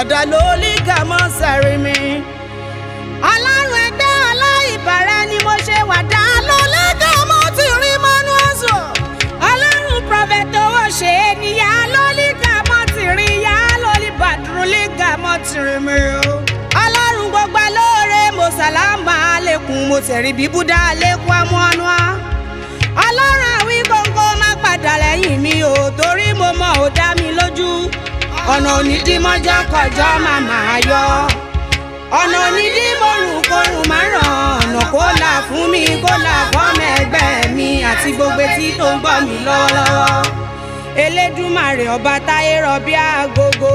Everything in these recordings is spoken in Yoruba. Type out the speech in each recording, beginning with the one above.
ọ̀dọ̀ lólígàmọ́ sẹ̀rí mi. ọlọ́run ẹgbẹ́ aláìbára ni mo ṣe wà dá lólígàmọ́ ti rí mọ́nú ọ̀sùn. ọlọ́run prọfẹ̀tọ̀ owó ṣe é níyà lólígàmọ́ ti rí yá lólíbàdúrú lígàmọ́ ti rí mi o. ọlọ́run gbogbo alóore mo sàlámà lẹ́kùn mo tẹ̀rí bíbúdá lẹ́kùn amúhánú wa. ọlọ́run àwí gbogbo má padà lẹ́yìn mi ò torí mo mọ̀ ò dá mi lójú ọ̀nà onídìmọ́já kọjọ́ màmá yọ ọ̀nà onídìmọ̀rùnkọrùn máa ràn ọ̀nà kó là fún mi kó là fọ́mọ ẹgbẹ́ mi àti gbogbo etí tó ń gbọ́ mi lọ́wọ́lọ́wọ́ Elédùmarè ọba táyé rọ bí agogo.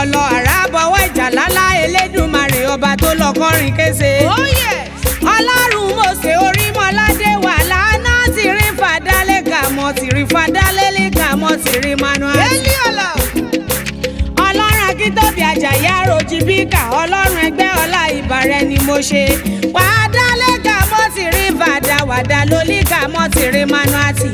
ọpọlọ àrà bọ̀wọ́ ìjà lálá elédùnmarè ọba tó lọ kọrin kése. Oh, ọlọ́run mọ̀ọ́sẹ̀ orí mọ́ládé wà lánà tìrí fàdálẹ̀ kàmọ́ tìrí fàdálẹ̀ lè kàmọ́ tìrí manual. ọlọ́run akíntóbi àjàyí àròjì bíkà ọlọ́run ẹgbẹ́ ọlá ìbàrẹ̀ ni mo ṣe. wàá dálẹ̀ kàmọ́ tìrí fàdá wàdá lólì kàmọ́ tìrí manual tì.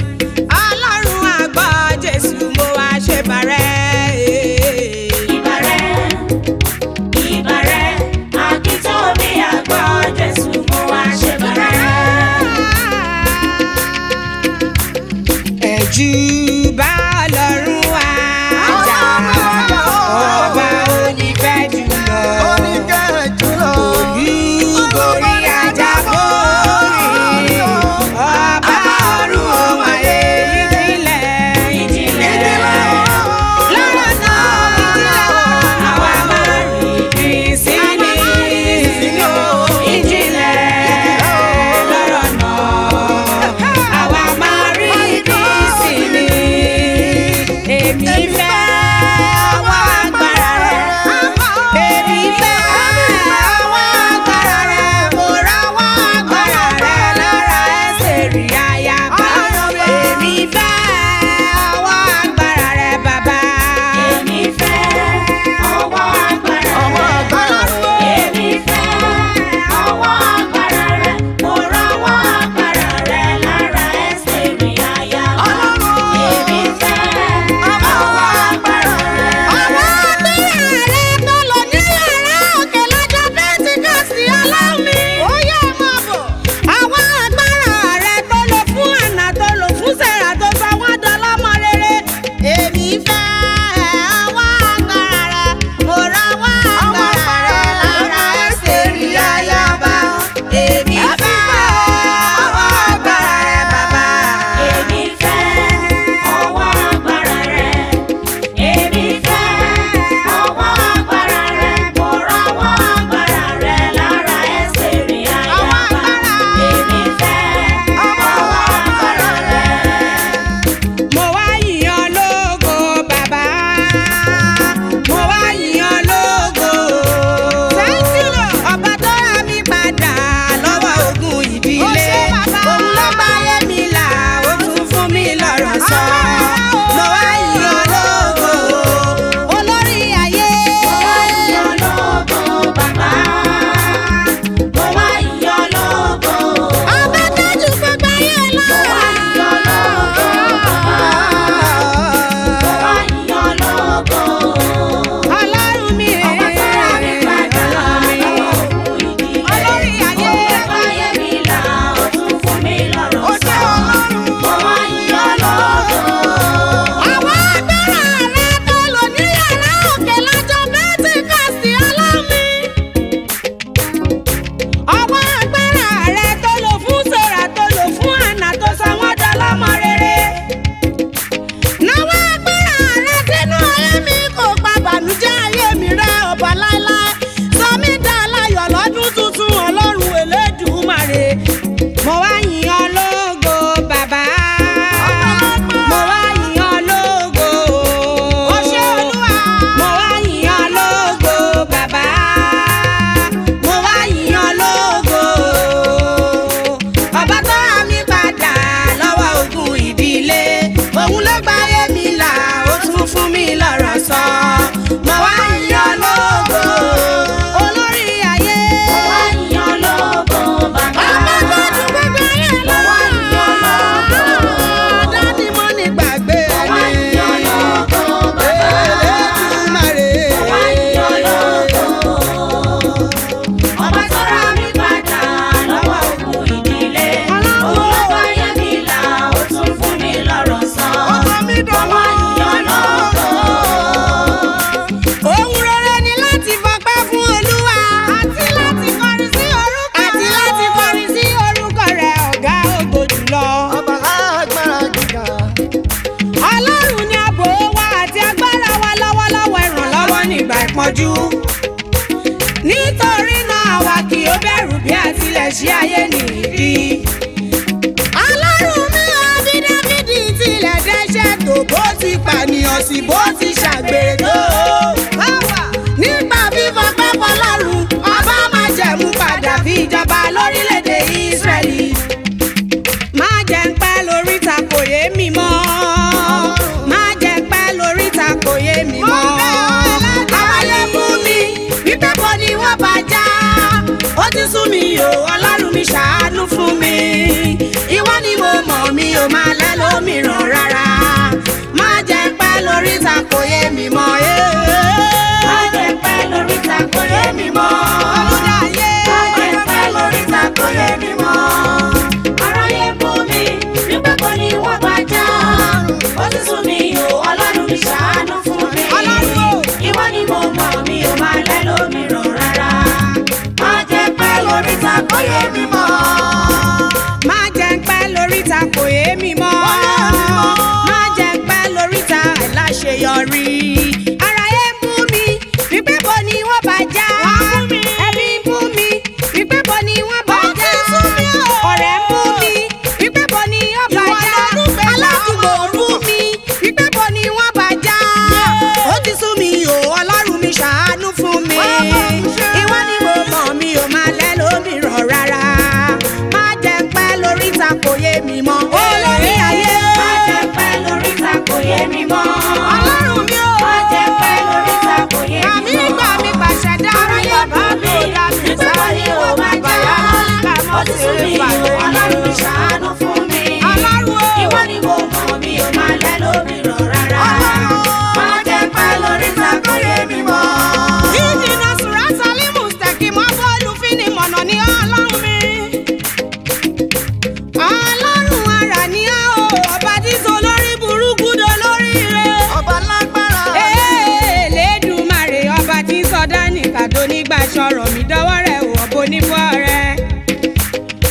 sọ̀rọ̀ mi dọ́wọ́ rẹ̀ wọ̀ bo níbọ̀ rẹ̀.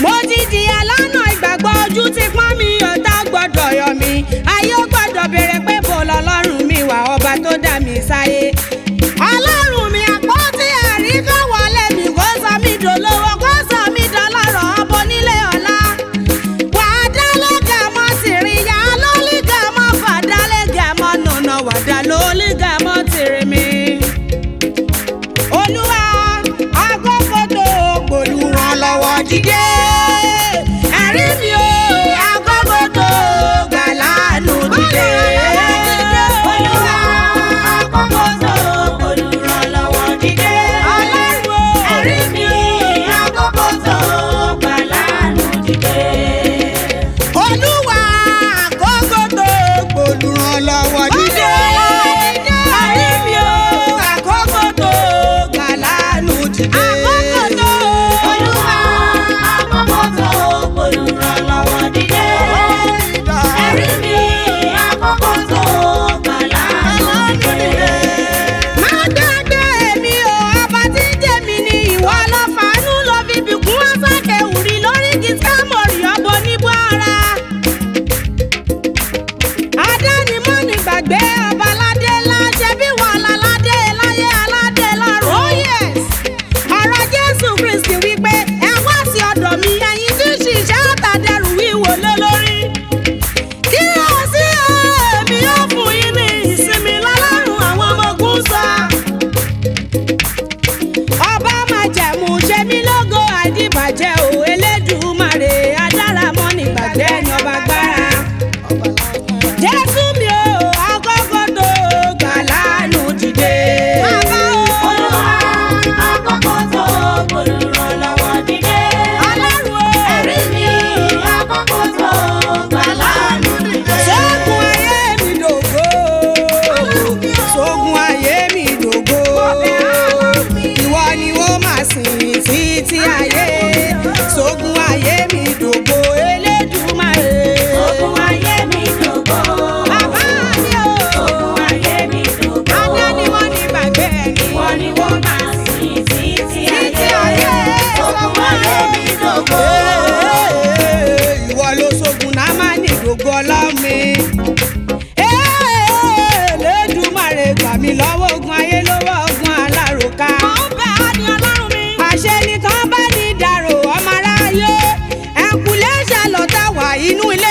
mo ti di alánà ìgbàgbọ́ ojú ti pọ́n mi ọ̀tá gbọ́dọ̀ yọ mi ayé gbọ́dọ̀ béèrè pé bò lọ́lọ́run mi wà ọba tó dá mi sáyé. y no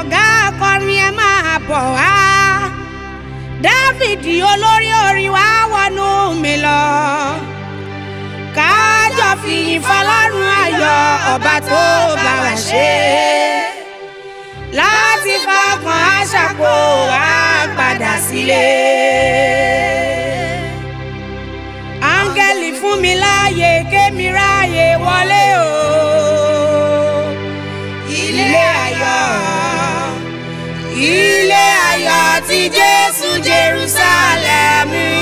ọ̀gá akọrin ẹ máa bọ̀ wá dáfídì olórí orin wá wọnú mi lọ kájọ fìyìn fọlọ́run ayọ̀ ọba tó bá wa ṣe láti fọkàn àṣàkó wá padà sílé. áńgẹ́lì fún mi láàyè kémi ráàyè wọlé o ilé ayọ̀ ilé ayọ̀ ti Jésù Jerusalem.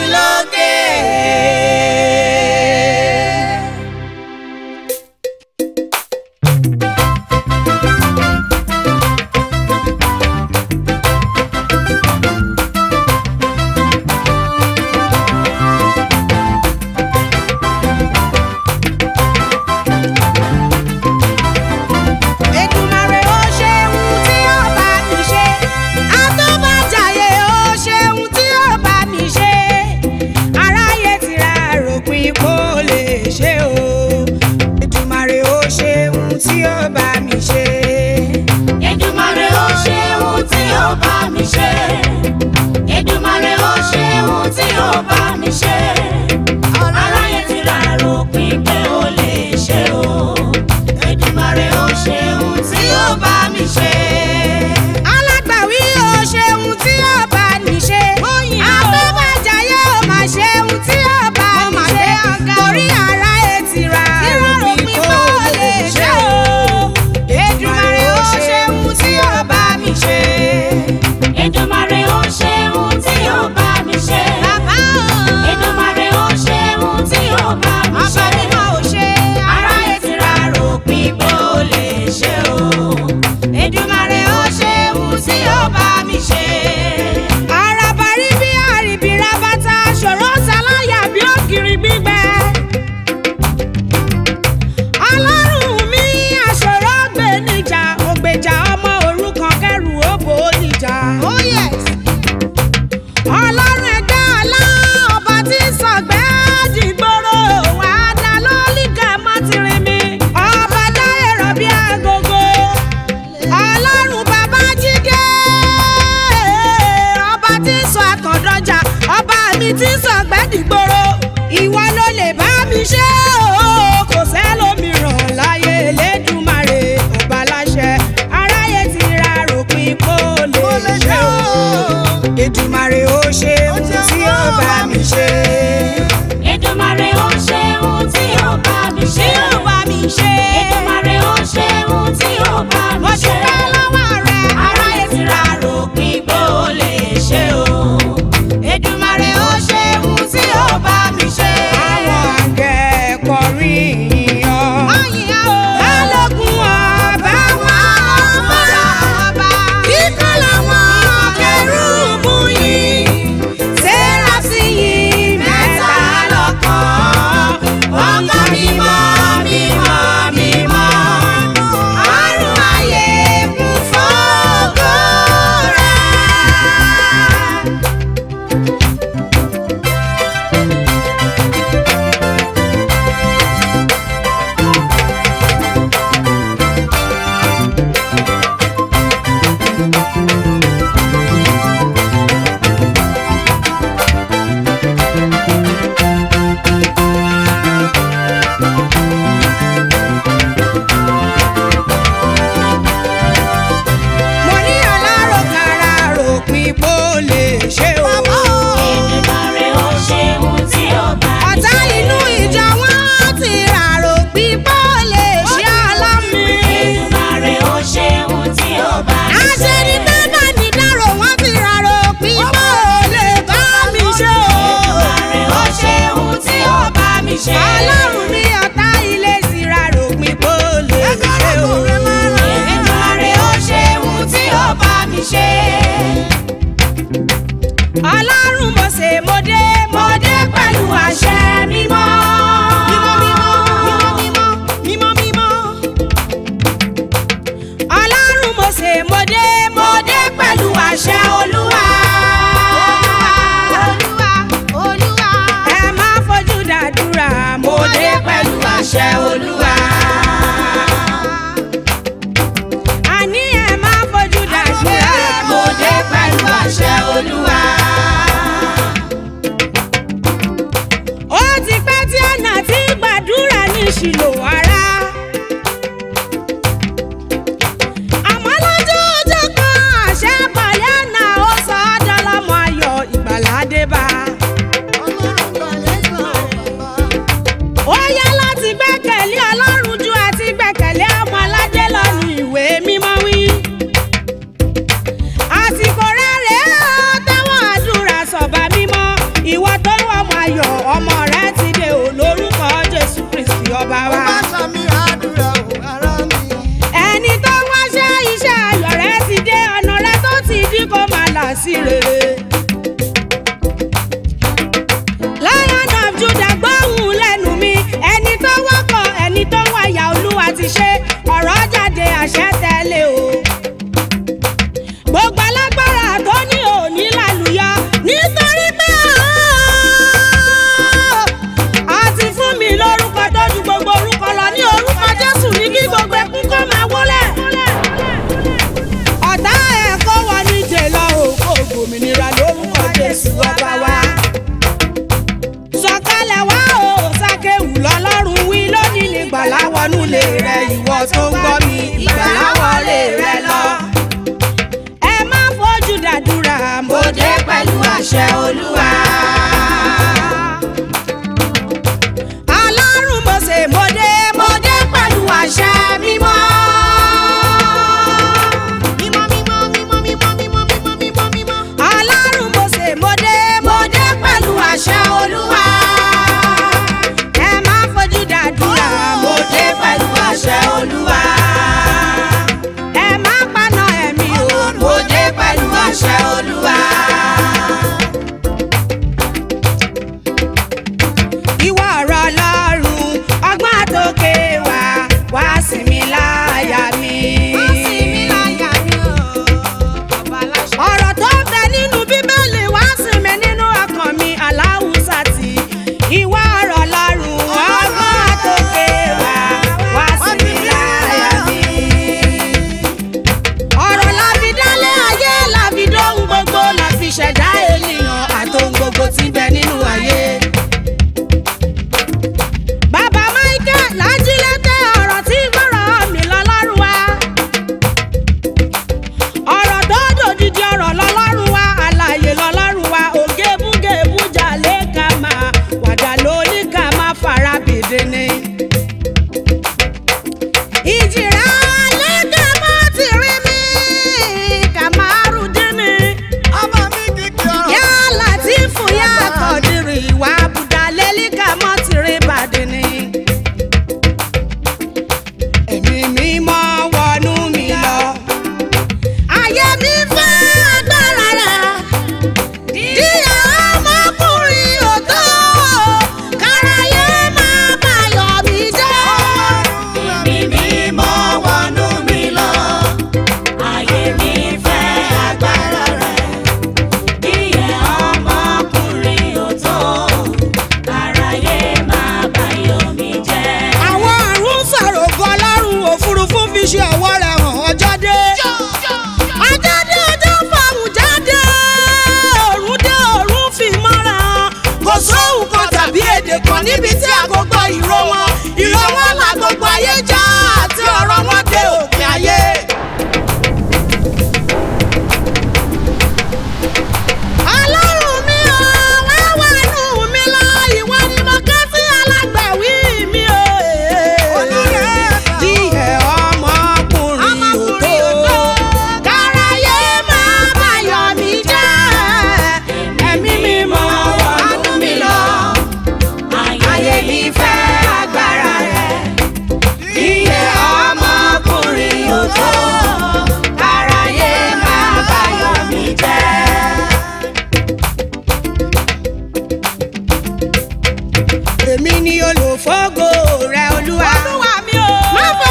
èmi ni olùfọ́gò rẹ olúwa. olúwa mi o. má fọ